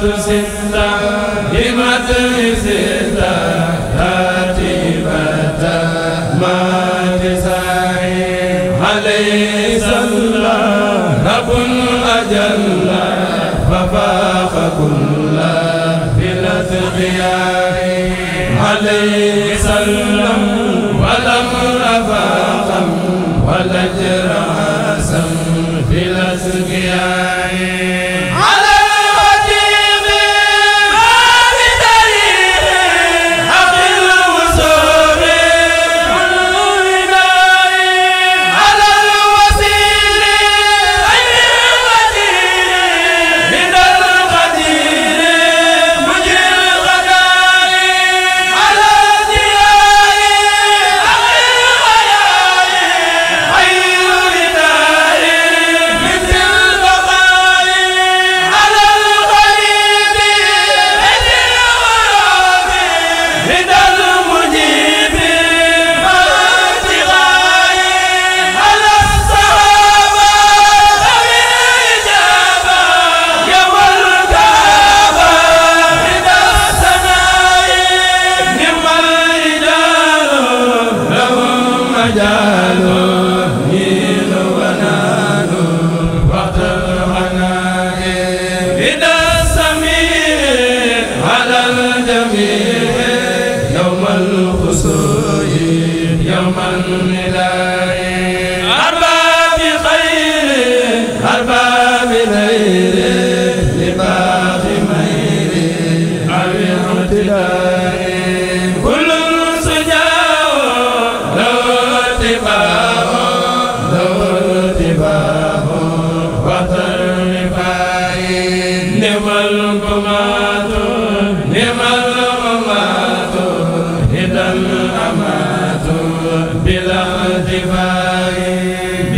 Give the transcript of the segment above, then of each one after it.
salaatu seen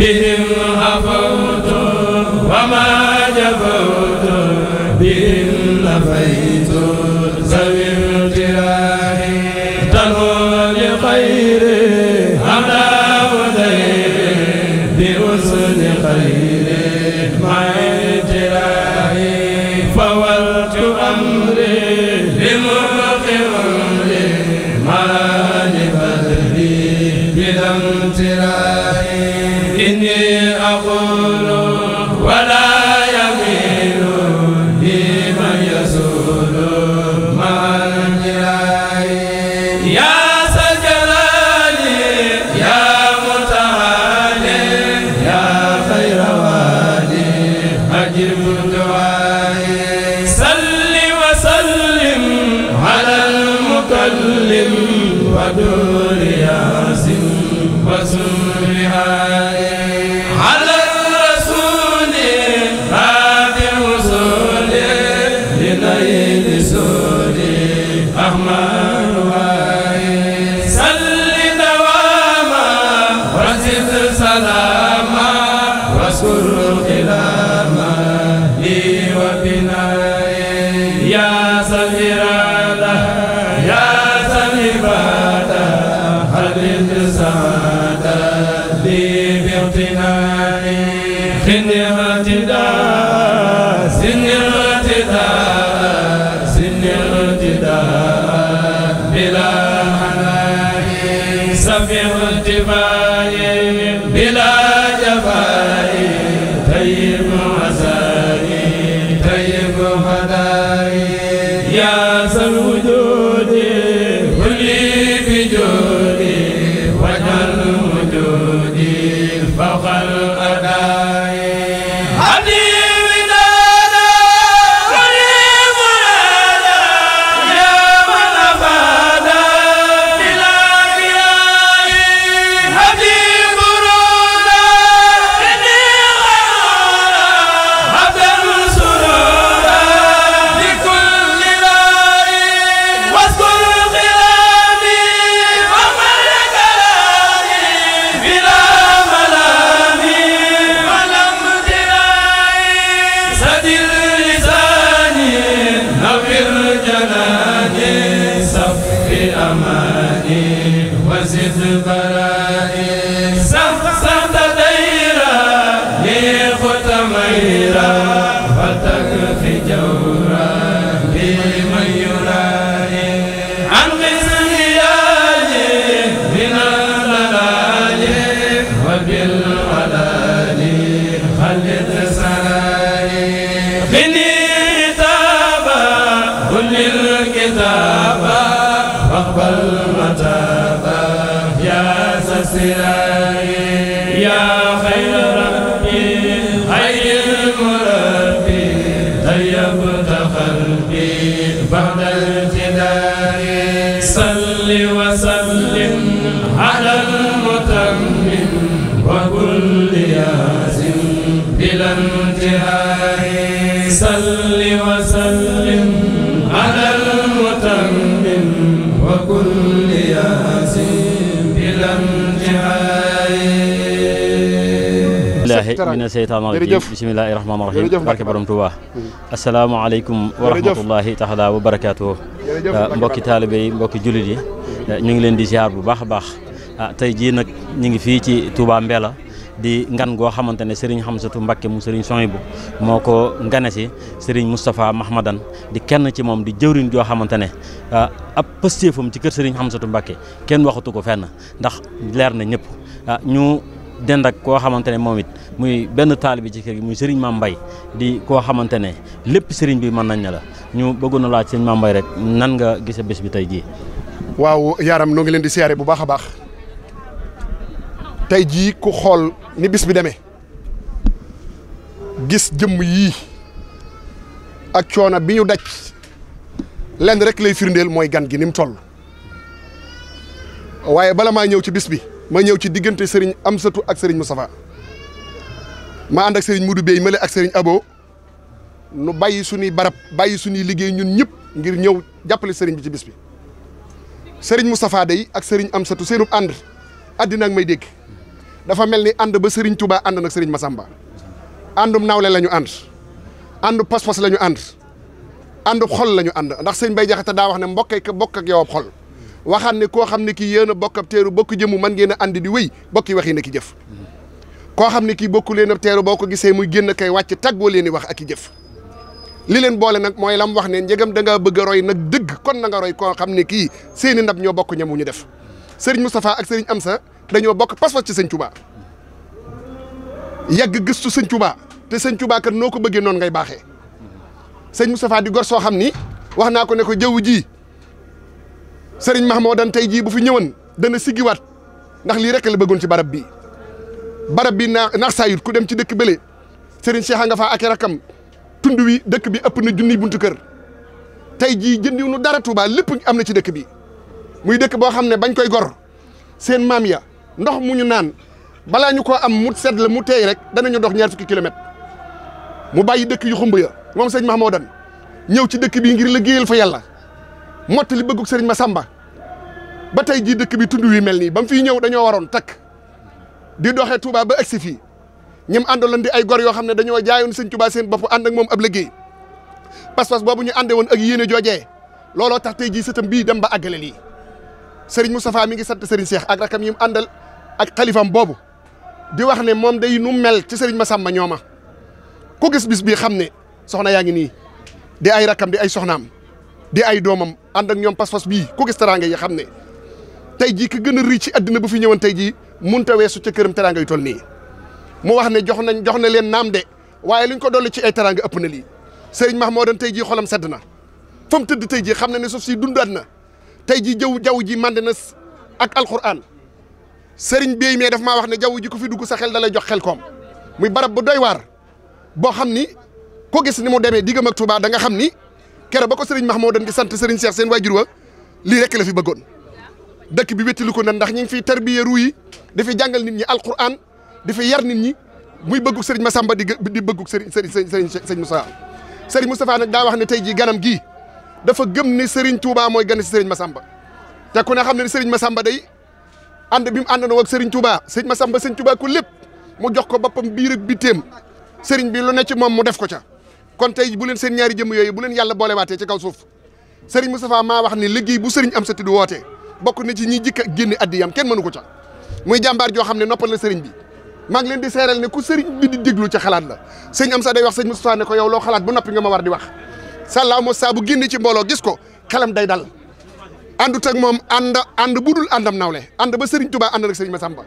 بهم عفوت وما جفوت بهم نفيت Rahman صل وسلم على المتمم وكل ياسم بلا انتهاء صل وسلم على المتمم وكل ياسم بلا انتهاء من الشيطان الرجيم بسم الله الرحمن الرحيم بارك برم توبا السلام عليكم ورحمة الله تعالى وبركاته Ah, mbokki taalibe yi mbokki jullit yi eh, ñu ngi leen di ziar bu baax a baax ah, tey jii nag ñu ngi fii ci Touba Mbella di ngan goo xamante ne Serigne Hamsatou Mbacké mu Serigne Souhaibou moo ko ngane si Serigne Moustapha Mahmadan di kenn ci moom di jëwriñ joo xamante ne ah, ab pëstéefam ci kër Serigne Hamsatou Mbacké kenn waxatu ko fenn ndax leer na ñëpp dend ak koo xamante ne moom it muy benn taalibe ci kër gi muy sëriñ Mame Mbaye di koo xamante ne lépp sëriñ bi mën nañ ne la ñu bëggoon na laaj sëriñ Mame Mbaye rek nan nga gisee bés bi tey jii. waaw yaaram noo ngi leen di siyaare bu baax a baax tey jii ku xool ni bis bi demee gis jëmm yii ak coono bi ñu daj lenn rek lay firndeel mooy gan gi ni mu waaye bala maa ñëw ci bis bi. ma ñëw ci diggante sëriñ Amsatu ak sëriñ Moustapha ma ànd ak sëriñ Modou Bey male ak sëriñ Abo nu bàyyi suñuy barab bàyyi suñuy liggéey ñun ñëpp ngir ñëw jàppale sëriñ bi ci bis bi sëriñ Moustapha day ak sëriñ Amsatu seenub ànd àddina may dégg dafa mel ni ànd ba sëriñ tubaa ànd nag sëriñ Massamba àndum nawle la ñu ànd àndu pas-pas la ñu ànd àndu xol la ñu ànd ndax sëriñ Bay Jaxate daa wax ne mbokkee ka bokk ak yow ab xol waxaan ne koo xam ne kii yéen a bokk ab teeru bokk jëmu man ngeen a ànd di wéy bokki waxi na ki jëf koo xam ne kii bokku leen ab teeru boo ko gisee muy génn kay wàcc tàggoo leen i wax ak i jëf li leen boole nag mooy lam wax ne njegam da ngaa bëgg a roy nag dëgg kon nanga roy koo xam ne kii seeni ndab ñoo bokk wu ñu def sëriñ Moustapha ak sëriñ Amsa dañoo bokk pas-pas ci sëñ Touba yàgg gëstu sëñ Touba te sëñ Touba kat noo ko bëggee noon ngay baaxee sëñ Moustapha di soo xam ni wax naa ko ne ko ji sëriñ Mahmoudan tey jii bu fi ñëwoon dana siggiwaat ndax lii rek la bëggoon ci barab bi barab bi naa naax saayut ku dem ci dëkk bële sëriñ Cheikh fa nga faa ak rakam tund wi dëkk bi ëpp na junniy buntu kër tey jii jëndiw nu dara Touba lépp am na ci dëkk bi muy dëkk boo xam ne bañ koy gor seen maam ya ndox mu ñu naan balaa ñu ko am mu sedd la mu teey rek danañu dox ñaar fukki kilomètre mu bàyyi dëkk yu xumb ya moom sëñ Mahmoudan ñëw ci dëkk bi ngir liggéeyal fa yàlla mottali bëggug sëriñ ma Massamba ba tey jii dëkk bi tund wi mel nii ba mu fiy ñëw dañoo waroon takk di doxee Touba ba agsi fii ñim àndaloon di ay gor yoo xam ne dañoo jaayoon sëñ Touba seen bopp ànd ak moom ab liggéey pas-pas boobu ñu àndee woon ak yéene jooje looloo tax tey jii sëtam bii dem ba àggale lii sëriñ Moustapha mi ngi sant sëriñ Cheikh ak rakam yim àndal ak xalifam boobu di wax ne moom day nu mel ci sëriñ Massamba ñooma ku gis bis bii xam ne soxna yaa ngi nii di ay rakam di ay soxnaam di ay doomam ànd ak ñoom pas-pas bii ko gis teraanga yi xam ne tey jii ki gën a rëy ci àddina bu fi ñëwoon tey jii munta weesu ca këram teraanga yu toll nii mu wax ne jox nañ jox na leen naam de waaye luñ ko dolli ci ay teraanga ëpp na lii moo Mahmoudan tey jii xolam sedd na fa mu tëdd tey jii xam na ne suuf si dundaat na tey jii jaww jaww ji mànd na ak alxuraan sëriñ Bey mais daf maa wax ne jaww ji ko fi dugg saxel xel dalay jox xel koom muy barab bu doy waar boo xam ni ko gis ni mu demee diggam ak Touba da nga xam ni. kere ba ko sëriñ Mahmoudan di sant sëriñ Cheikh seen waajur wa lii rek la fi bëggoon dëkk bi wéttilu ko na ndax ñu ngi fiy tarbiya ruu yi di jàngal nit ñi alquran di fi yar nit ñi muy bëggug sëriñ Massamba di di bëggug sëriñ sëriñ sëriñ Moustapha sëriñ Moustapha nag daa wax ne tey jii ganam gii dafa gëm ne sëriñ Touba mooy gan si sëriñ Massamba te ne xam ne sëriñ Massamba day ànd bi mu àndandoo ak sëriñ Touba sëriñ Massamba sëriñ Touba ko lépp mu jox ko boppam biir ak bitéem sëriñ bi lu ne ci moom mu def ko ca kon tey bu leen seen ñaari jëmm yooyu bu leen yàlla boolewaatee ci kaw suuf sëriñ Moustapha maa wax ni liggéey bu sëriñ am sa tudd wootee bokk na ci ñi jikka génne addiyam kenn mënu ko ca muy jàmbaar joo xam ne noppal na sëriñ bi maa ngi leen di seeral ne ku sëriñ bi di déglu ca xalaat la sëriñ am sa day wax sëriñ Moustapha ne ko yow loo xalaat bu noppi nga ma war di wax sàllaaw Moustapha bu génne ci mbooloo gis ko xelam day dal àndut tag moom ànd ànd bu dul àndam nawle ànd ba sëriñ Touba ànd ak sëriñ Massamba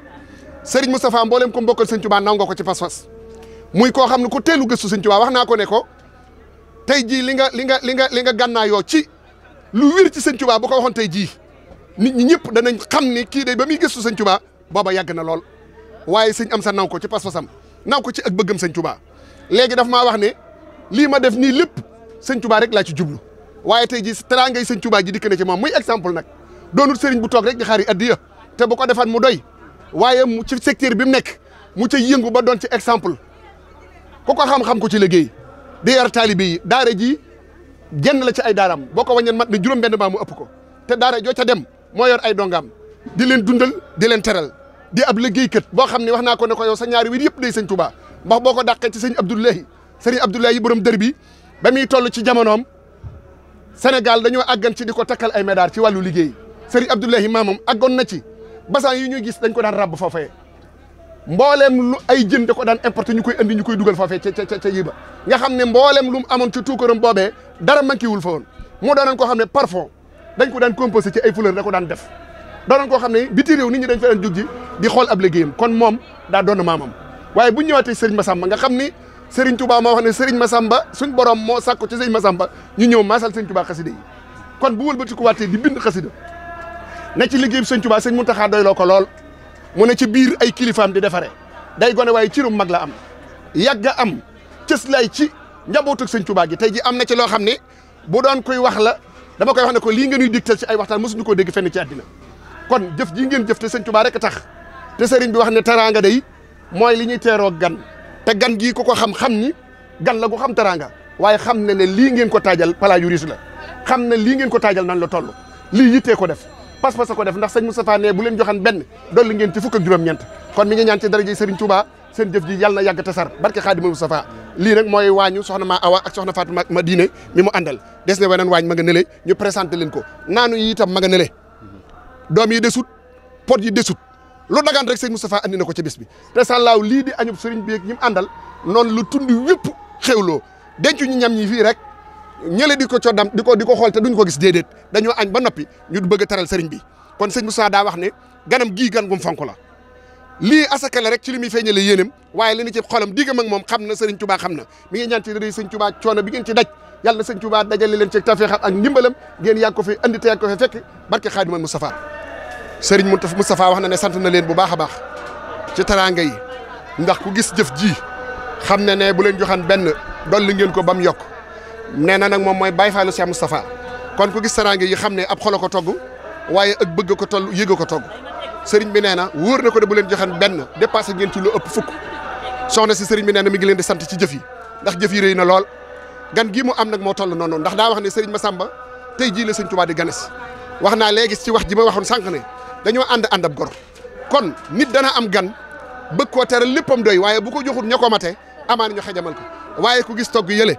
sëriñ Moustapha mboolem ko mbokkal sëriñ Touba naw nga ko ci fas fas muy koo xam ne ku teelu gëstu sëriñ Touba wax naa ko ne ko tey jii li nga li nga li nga li nga gànnaayoo ci lu wér ci sëñ boo ko waxoon tey jii nit ñi ñëpp danañ xam ni kii day ba muy gëstu sëñ Tuubaa booba yàgg na lool waaye sëñ am sa naw ko ci pas-pasam naw ko ci ak bëggam sëñ Tuubaa léegi daf maa wax ne lii ma def nii lépp sëñ rek laa ci jublu waaye tey ji teraangay sëñ Tuubaa ji dikk na ci moom muy exemple nag doonul sëriñ bu toog rek di xaari addiya te bu ko defaat mu doy waaye mu ci secteur bi mu nekk mu ca yëngu ba doon ci exemple ku ko xam ko ci liggéey di yar taalibe yi daara ji jenn la ci ay daaraam boo ko wàññeen mat ni juróom-benn baa ëpp ko te daara joo ca dem moo yor ay dongaam di leen dundal di leen teral di ab liggéeykat boo xam ne wax naa ko ne ko yow sa ñaari wiir yëpp day sëñ Touba mbax boo ko dàqee ci sëñ Abdoulahi sëriñ Abdoulahi borom dër bi ba muy toll ci am senegal dañoo àggan ci di ko takkal ay médaar ci wàllu liggéey sëriñ Abdoulahi maamam àggoon na ci basan yi ñuy gis dañ ko daan ràbb foofee mbooleem ay jën da ko daan importe ñu koy andi ñu koy dugal foofee ca ca ca yiba nga xam ne mbooleem lu mu amoon ca tuukaram boobee dara manqué wul fa woon moo doonoon koo xam ne parfum dañ ko daan composé ci ay fleur da ko daan def doonoon ko xam ne biti réew nit ñi dañ fa daan di xool ab liggéeyam kon moom daa doon maamam waaye bu ñu ñëwaatee Sëriñ Massamba nga xam ni Sëriñ Touba moo wax ne Sëriñ Massamba suñ borom moo sàkku ci Sëriñ Massamba ñu ñëw maasal Sëriñ Touba xasida yi kon bu wëlbatiku waatee di bind xasida na ci liggéey bi Sëriñ Touba Sëriñ Mountakha doy loo ko lool mu ne ci biir ay kilifaam di defaree day gone waaye cirum mag la am yàgg am cës lay ci njabootug sëñ Tuubaa gi tey ji am na ci loo xam ne bu doon koy wax la dama koy wax ne ko lii ngeen ñuy ci ay waxtaan mosuñu koo dégg fenn ci àddina kon jëf ji ngeen jëf te sëñ Tuubaa rek tax te sëriñ bi wax ne teraanga day mooy li ñuy teeroo gan te gan gii ko ko xam-xam ni gan la gu xam teraanga waaye xam na ne lii ngeen ko taajal palaa yu la xam na lii ngeen ko taajal nan la toll lii yittee ko def pas-pas ko def ndax sëñ Moustapha ne bu leen joxan benn dolli ngeen ci fukk juróom-ñeent kon mi ngi ñaan ci daraja Serigne Touba seen jëf ji yàlla na yàgg tasar barke Xaadimal Moustapha lii nag mooy waañu soxna ma Awa ak soxna Fatou ma diine mi mu àndal des na weneen waañ ma nga nële ñu présenté leen ko naanu yi itam ma nga nële doom yi desut pot yi desut lu dagaan rek sëñ Moustapha andi na ko ci bis bi te lii di a sëriñ bi ak ñi mu àndal noonu lu tund denc ñu ñam ñi fii rek ñële di ko coddam di ko di ko xool te duñ ko gis déedéet dañoo añ ba noppi ñu bëgg a taral sëriñ bi kon sëñ Moussa daa wax ne ganam gii gan gum fonk la lii asaka la rek ci li muy feeñale yéenam waaye li ni ci xolam diggam ak moom xam na sëriñ Touba xam na mi ngi ñaan ci rëy sëñ Touba coono bi ngeen ci daj yàlla na sëñ Touba dajale leen ci tafeex ak ndimbalam ngeen yàgg ko fi andi te yàgg ko fi fekk barke Xaadimal Moustapha wax na ne sant na leen bu baax a baax ci taraanga yi ndax ku gis jëf ji xam ne ne bu leen joxan benn dolli ngeen ko ba mu yokk nee na nag moom mooy Baye Fallou Cheikh Moustapha kon ku gis saraange yi xam ne ab xolo ko togg waaye ak bëgg ko toll yëg ko togg sëriñ bi nee na wóor na ko de bu leen joxan benn dépassé ngeen ci lu ëpp fukk soxna si sëriñ bi nee na mi ngi leen di sant ci jëf ndax jëf yi rëy na lool gan gii mu am nag moo toll noonu ndax daa wax ne sëriñ Massamba tey jii la sëñ Tuubaa di ganes wax naa léegi si wax ji ma waxoon sànq ne dañoo ànd àndab gor kon nit dana am gan bëgg koo teral léppam doy waaye bu ko joxul ña ko mate amaan ñu xajamal ko waaye ku gis togg yële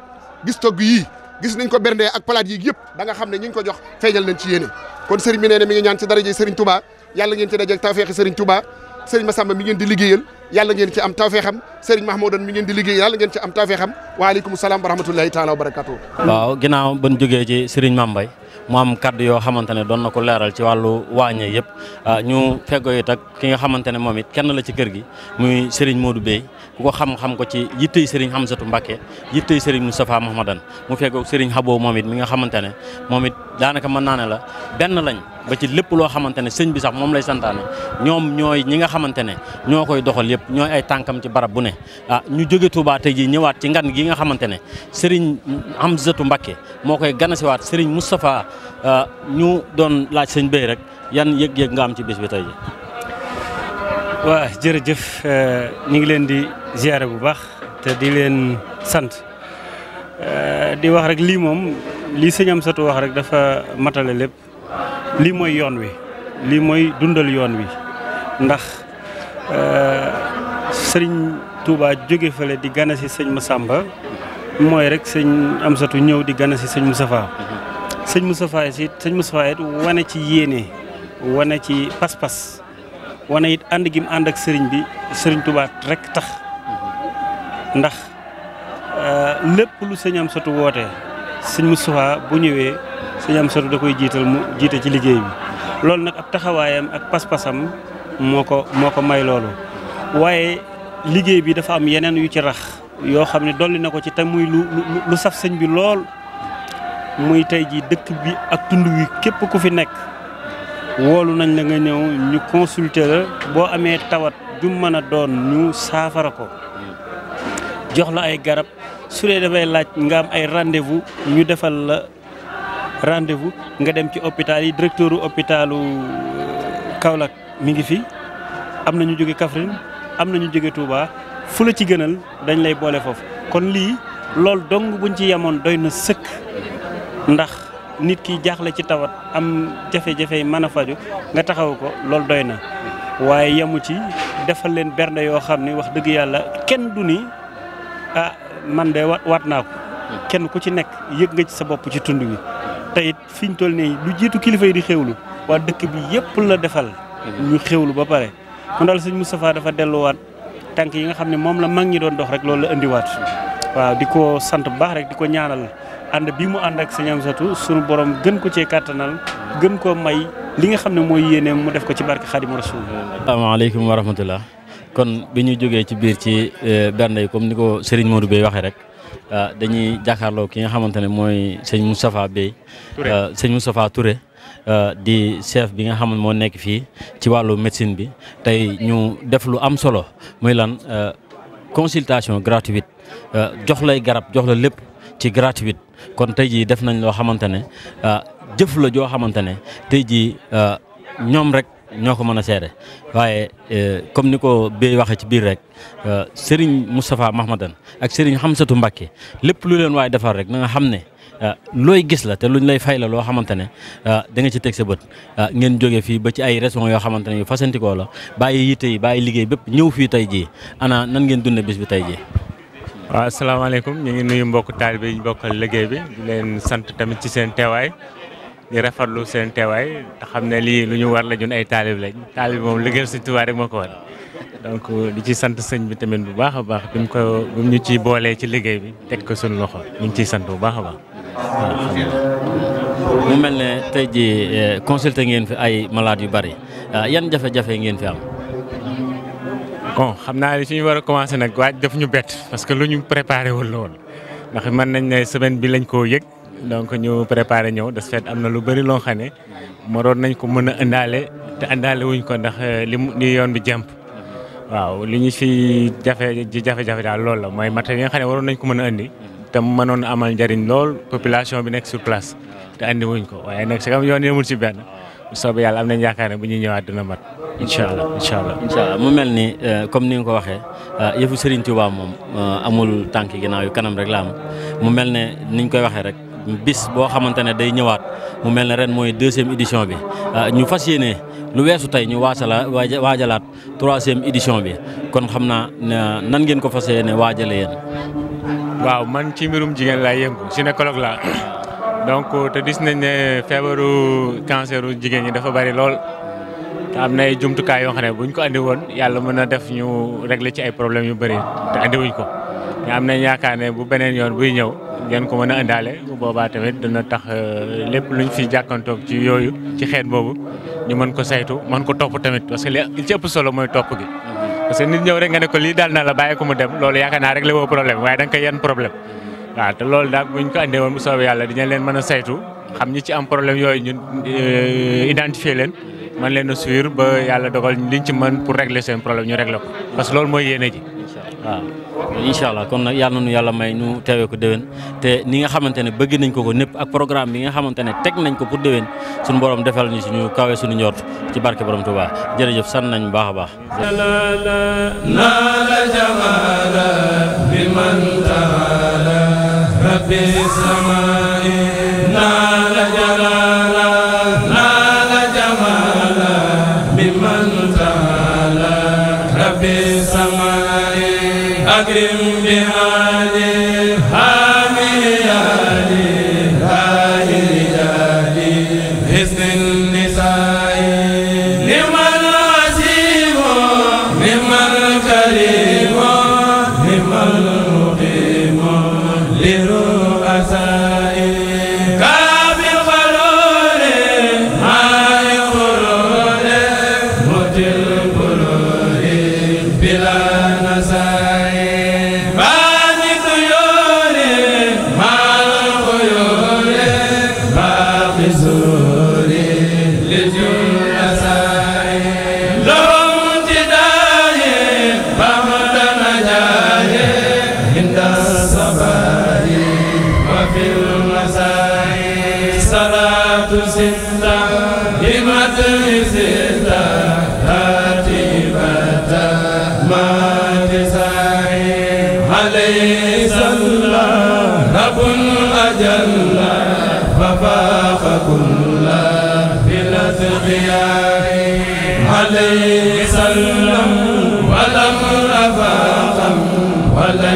gis togg yii gis nañ ko berndee ak palaat yi yëpp da nga xam ne ñu ko jox feeñal nañ ci yéene kon sëriñ bi nee na mi ngi ñaan ci daraje sëriñ Touba yàlla ngeen ci dajeeg tawfeexi sëriñ Touba sëriñ Massamba mi ngeen di liggéeyal yàlla ngeen ci am tawfeexam sëriñ Mahmoudan mi ngeen di liggéey yàlla ngeen ci am tawfeexam waaleykum salaam wa rahmatullahi taala wa barakatuh waaw ginnaaw ban jógee ci sëriñ Mambay mu am kaddu yoo xamante ne doon na ko leeral ci wàllu waañe yëpp ah, ñu feggo it ak ki nga xamante ne moom it kenn la ci kër gi muy sëriñ Modou Bey ku ko xam-xam ko ci yittey Serigne Hamzatou Mbacké yittey Serigne Moustapha Mahmadan mu fekkoog Serigne Haboo moom it mi nga xamante ne moom it daanaka mën naa ne la benn lañ ba ci lépp loo xamante ne sëñ bi sax moom lay santaane ñoom ñooy ñi nga xamante ne ñoo koy doxal yëpp ñooy ay tànkam ci barab bu ne ah ñu jóge Touba tey jii ñëwaat ci ngan gi nga xamante ne Serigne Hamzatou Mbacké moo koy ganasiwaat Serigne Moustapha ah, ñu doon laaj sëñ béy rek yan yëg-yëg nga am ci bis bi tey ji waa jërëjëf euh, ñu ngi leen di ziare bu baax te di leen sant euh, di wax rek lii moom lii sëñ am satu wax rek dafa matale lépp lii mooy yoon wi lii mooy dundal yoon wi ndax euh, sëriñ Touba jóge fale di gana si sëñ sàmba mooy rek sëñ am satu ñëw di gana si sëñ Moustapha sëñ Moustapha si sëñ Moustapha it wane ci yéene wane ci pas-pas wane it ànd gi mu ànd ak sëriñ bi sëriñ Touba rek tax ndax euh, lépp lu sëñ sotu woote sëñ Moustapha bu ñëwee sëñam am sotu da koy jiital mu jiite ci liggéey bi loolu nag ab taxawaayam ak pas-pasam moo ko moo ko may loolu waaye liggéey bi dafa am yeneen yu ci rax yoo xam ne dolli na ko ci te muy lu lu saf sëñ bi lool muy tey ji dëkk bi ak tund wi képp ku fi nekk woolu nañ la nga ñëw ñu consulter la boo amee tawat ju mën a doon ñu saafara ko jox la ay garab su dee dafay laaj nga am ay rendez-vous ñu defal la rendez-vous nga dem ci hôpital yi directeur u hôpitalu euh, Kaolack mi ngi fi am na ñu jóge Kaffrine am na ñu jóge Touba fu la ci gënal dañ lay boole foofu kon lii loolu dong buñ ci yemoon doy na sëkk ndax nit ki jaaxle ci tawat am jafe-jafe yi mën a faju nga taxaw ko loolu doy na waaye yemu ci defal leen bernde yoo xam ni wax dëgg yàlla kenn du ni ah man de waat naa ko kenn ku ci nekk yëg nga ci sa bopp ci tund wi te it fiñ toll nii lu jiitu kilifa yi di xewlu waa dëkk bi yëpp la defal ñu xewlu ba pare kon daal sëñ Moustapha dafa delluwaat tànk yi nga xam ne moom la mag ñi doon dox rek loolu la indiwaat waaw di ko sant bu baax rek di ko ñaanal ànd bii mu ànd ak sëñ Amsatu sunu borom gën ko cee kàttanal gën koo may li nga xam ne mooy yéene mu def ko ci barke Xaadimu Rasuul. asalaamaaleykum wa rahmatulah kon bi ñu jógee ci biir ci e, bernde yi comme ni ko Serigne Modou Bey waxee rek e, dañuy jàkkaarloo ki nga xamante ne mooy sëñ Moustapha Bey. Touré e, sëñ Moustapha Touré. di chef bi nga xam moo nekk fii ci wàllu médecine bi tey ñu def lu am solo muy lan consultation gratuite. Euh, jox lay garab jox la lépp ci gratuite kon tey jii def nañ loo xamante ne euh, jëf la joo xamante ne tey jii euh, ñoom rek ñoo ko mën a seere waaye comme ni ko Bey waxee ci biir rek Serigne Moustapha Mahmadan ak Serigne Hamsatu Mbacké lépp lu leen waaye defar rek na nga xam ne looy gis la te luñ lay fay la loo xamante ne da nga ci teg sa bët ngeen jóge fii ba ci ay raison yoo xamante ne yu fasantikoo la bàyyi yitte yi bàyyi liggéey bépp ñëw fii tey jii ana nan ngeen dunde bis bi tey jii waaw asalaamaaleykum ñu ngi nuyu mbokk taalibe yi ñu bokkal liggéey bi du leen sant tamit ci seen teewaay di rafetlu seen teewaay te xam ne lii lu ñu war la ñun ay taalib lañ taalib moom liggéeyal Sëñ Tuubaa rek moo ko war donc di ci sant sëñ bi tamit bu baax a baax bi mu ko bi ñu ciy boolee ci liggéey bi teg ko suñu loxo ñu ciy sant bu baax a baax. mu mel ne tey jii eh, consulté ngeen fi ay malade yu bari ah, yan jafe-jafe ngeen fi am. bon xam naa ne fi ñu war a commencé nag waaj daf bett parce que lu ñu préparé woon la woon ndax mën nañ ne semaine bi lañ koo yëg donc ñu préparé ñëw de ce am na lu bëri loo xam ne waroon nañ ko mën a indaale te indaale wuñ ko ndax euh, li mu li yoon bi jàmp waaw li ñu fi jafe ji jafe-jafe daal loolu la mooy matériel yi xam ne waroon nañ ko mën a andi te mënoon amal njariñ lool population bi nekk sur place te andi wuñ ko waaye nag si yoon yemul ci benn. bu soobee yàlla am nañ yaakaar ne bu ñuy ñëwaat dina mat incha allah incha mu mel ni euh, comme ni nga ko waxee euh, yëfu Serigne Touba moom euh, amul tànk ginnaaw yu kanam rek la am mu mel ne niñ koy waxee rek bis boo xamante ne day ñëwaat mu mel ne ren mooy deuxième édition bi ñu fas yéene lu weesu tey ñu waasala waajalaat troisième édition bi kon xam naa nan ngeen ko fas yéene waajale yéen. waaw man ci mbirum jigéen laay yëngu gynécologue laa donc te gis nañ ne feebaru canceru jigéen ñi dafa bari lool te am na ay jumtukaay yoo xam ne buñ ko andi woon yàlla mën na def ñu régler ci ay problèmes yu bëri te andiwuñ ko ñu am nañ yaakaar ne bu beneen yoon buy ñëw ngeen ko mën a indaale bu boobaa tamit dina tax euh, lépp luñ fi jàkkantoog ci yooyu ci xeet boobu ñu mën ko saytu mën ko topp tamit parce que li ci ëpp solo mooy topp gi. parce que ñëw rek nga ne ko lii daal na la bàyyi ko mu dem loolu yaakaar naa rek waaye da nga yan problème. waaw te loolu daal bu ñu ko andee woon bu soobee yàlla leen mën a saytu xam ñi ci am problème yooyu ñun euh, identifier leen man leen a suivre ba yàlla dogal liñ ci man pour régler seen problème ñu régler ko parce que loolu mooy yéene ji. waaw incha allah kon nag yàlla na nu yàlla may nu teewee ko déwén te ni nga xamante ne bëgg nañ ko ko népp ak programme bi nga xamante ne teg nañ ko pour déwén suñu borom defal ñu suñu kawe suñu njort ci barke borom Tuubaa bu sant nañ baax a baax. naa la jamaala bi man taa بالسماء نال جلال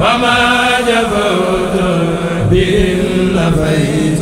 وما جفوت بهم لفيت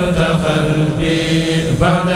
قلت قلبي بعد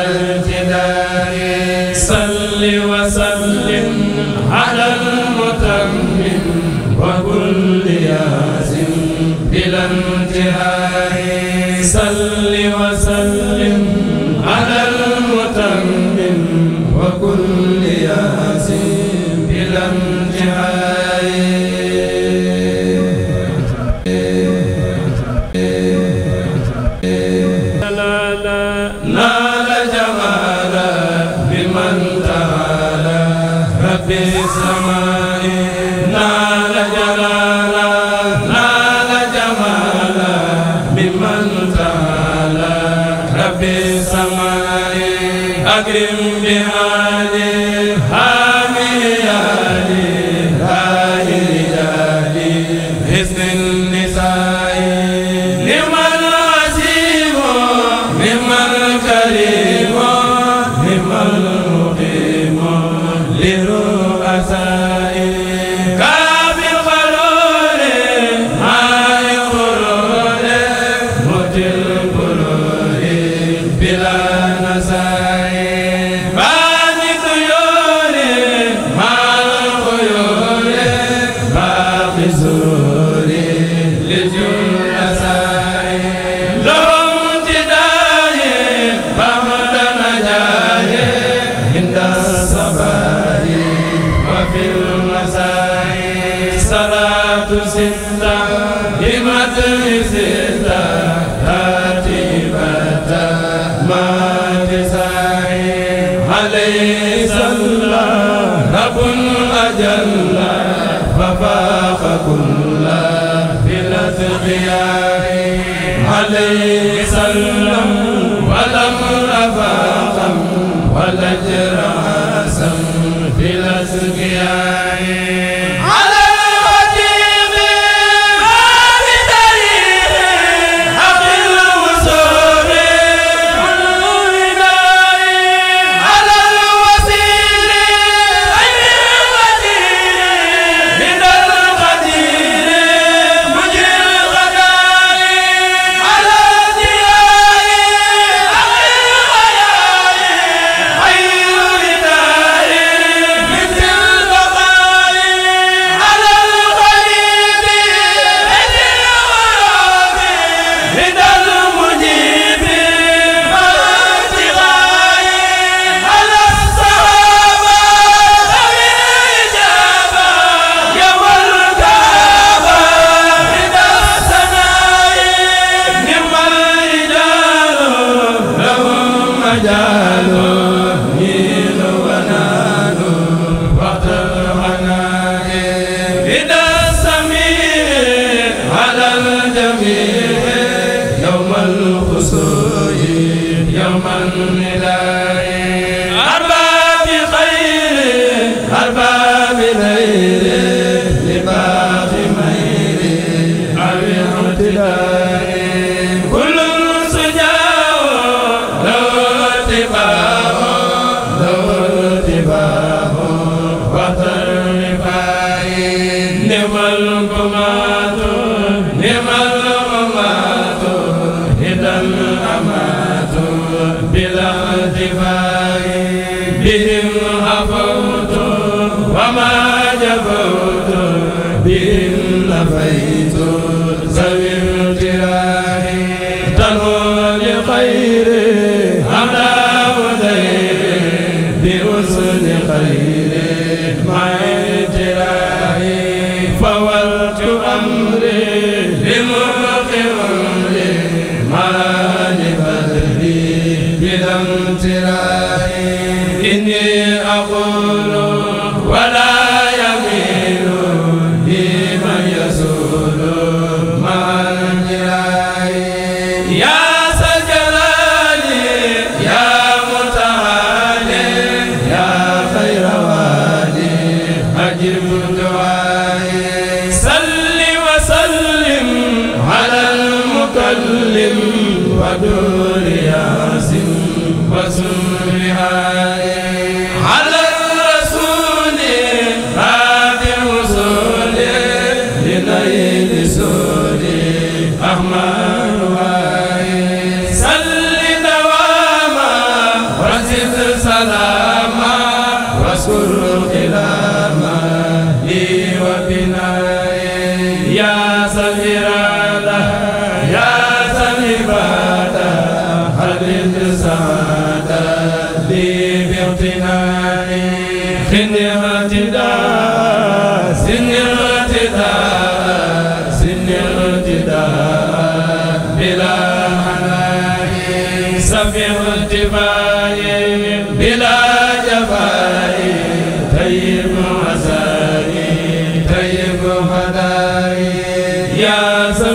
sa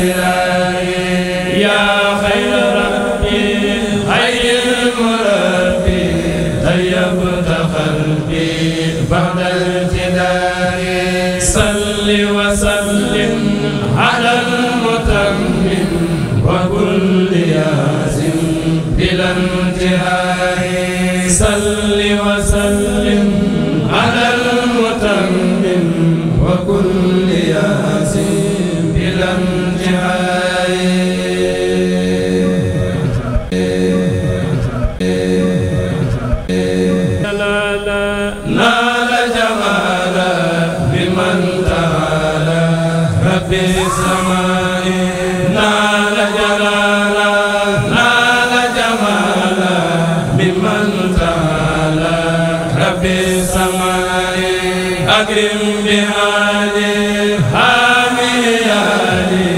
sira bi hadi hami hadi